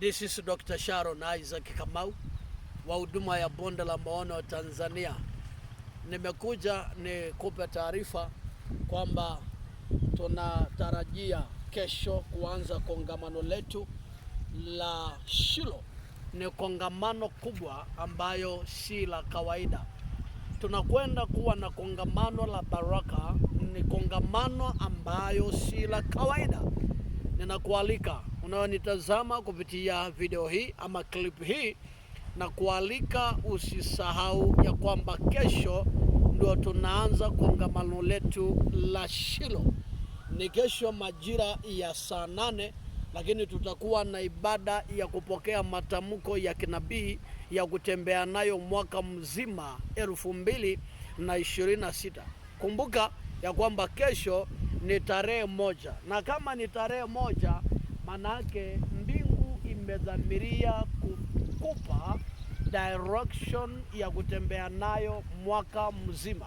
This is Dr. Sharon Isaac Kamau wa huduma ya bonde la maono wa Tanzania. Nimekuja ni kupe taarifa kwamba tunatarajia kesho kuanza kongamano letu la Shilo. Ni kongamano kubwa ambayo si la kawaida. Tunakwenda kuwa na kongamano la baraka, ni kongamano ambayo si la kawaida. Ninakualika unaonitazama kupitia video hii ama clip hii, na kualika usisahau ya kwamba kesho ndio tunaanza kongamano letu la Shilo. Ni kesho majira ya saa nane, lakini tutakuwa na ibada ya kupokea matamko ya kinabii ya kutembea nayo mwaka mzima elfu mbili na ishirini na sita. Kumbuka ya kwamba kesho ni tarehe moja, na kama ni tarehe moja Manake mbingu imedhamiria kukupa direction ya kutembea nayo mwaka mzima.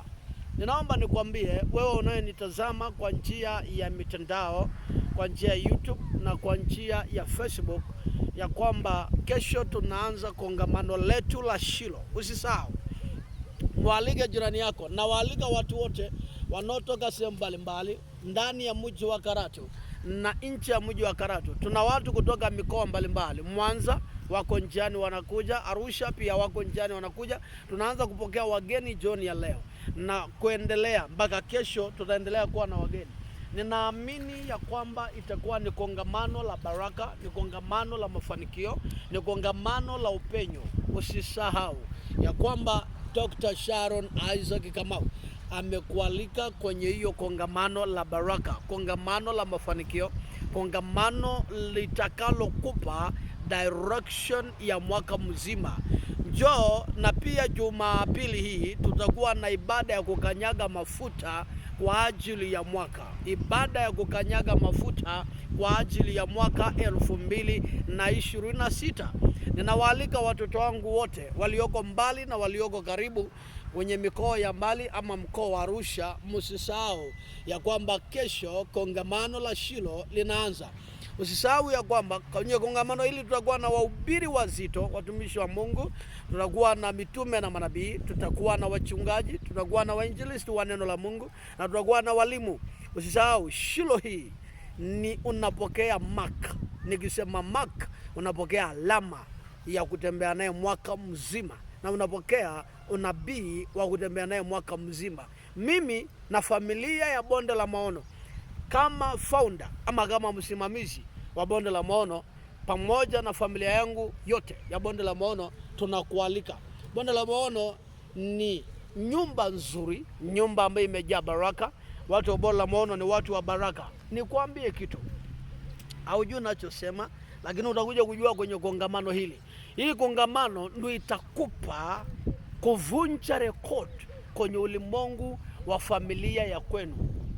Ninaomba nikwambie wewe unayenitazama kwa njia ya mitandao, kwa njia ya YouTube na kwa njia ya Facebook ya kwamba kesho tunaanza kongamano letu la Shilo. Usisahau, mwalike jirani yako na waalika watu wote wanaotoka sehemu mbalimbali ndani ya mji wa Karatu na nchi ya mji wa Karatu. Tuna watu kutoka mikoa mbalimbali, Mwanza wako njiani wanakuja, Arusha pia wako njiani wanakuja. Tunaanza kupokea wageni jioni ya leo na kuendelea mpaka kesho, tutaendelea kuwa na wageni. Ninaamini ya kwamba itakuwa ni kongamano la baraka, ni kongamano la mafanikio, ni kongamano la upenyo. Usisahau ya kwamba Dr. Sharon Isaac Kamau amekualika kwenye hiyo kongamano la baraka, kongamano la mafanikio, kongamano litakalokupa direction ya mwaka mzima. Njoo na pia Jumapili hii tutakuwa na ibada ya kukanyaga mafuta kwa ajili ya mwaka, ibada ya kukanyaga mafuta kwa ajili ya mwaka elfu mbili na ishirini na sita. Ninawaalika watoto wangu wote walioko mbali na walioko karibu wenye mikoa ya mbali ama mkoa wa Arusha, msisahau ya kwamba kesho kongamano la Shilo linaanza. Usisahau ya kwamba kwenye kongamano hili tutakuwa na wahubiri wazito, watumishi wa Mungu, tutakuwa na mitume na manabii, tutakuwa na wachungaji, tutakuwa na wainjilisti wa neno la Mungu na tutakuwa na walimu. Usisahau Shilo hii ni unapokea mark, nikisema mark unapokea alama ya kutembea naye mwaka mzima, na unapokea unabii wa kutembea naye mwaka mzima. Mimi na familia ya Bonde la Maono kama founder ama kama msimamizi wa Bonde la Maono pamoja na familia yangu yote ya Bonde la Maono tunakualika. Bonde la Maono ni nyumba nzuri, nyumba ambayo imejaa baraka. Watu wa Bonde la Maono ni watu wa baraka. Nikwambie kitu, haujui nachosema lakini utakuja kujua kwenye kongamano hili. Hii kongamano ndio itakupa kuvunja rekodi kwenye ulimwengu wa familia ya kwenu.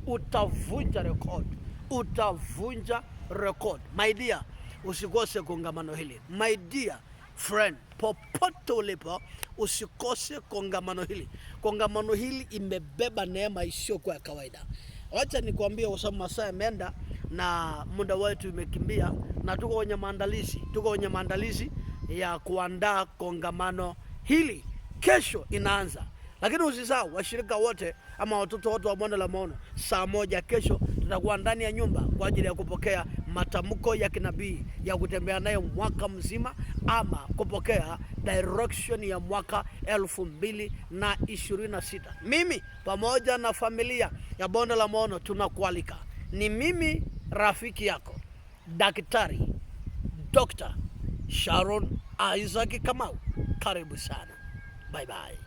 Utavunja rekodi, utavunja rekodi. My dear, usikose kongamano hili. My dear friend, popote ulipo, usikose kongamano hili. Kongamano hili imebeba neema isiyokuwa ya kawaida. Wacha nikwambie, kwa sababu masaa yameenda na muda wetu umekimbia, na tuko kwenye maandalizi, tuko kwenye maandalizi ya kuandaa kongamano hili. Kesho inaanza, lakini usisahau washirika wote ama watoto wote wa bonde la Maono, saa moja kesho tutakuwa ndani ya nyumba kwa ajili ya kupokea matamko ya kinabii ya kutembea naye mwaka mzima ama kupokea direction ya mwaka elfu mbili na ishirini na sita. Mimi pamoja na familia ya bonde la Maono tunakualika. Ni mimi rafiki yako Daktari Dr. Sharon Isaac Kamau. Karibu sana. Bye bye.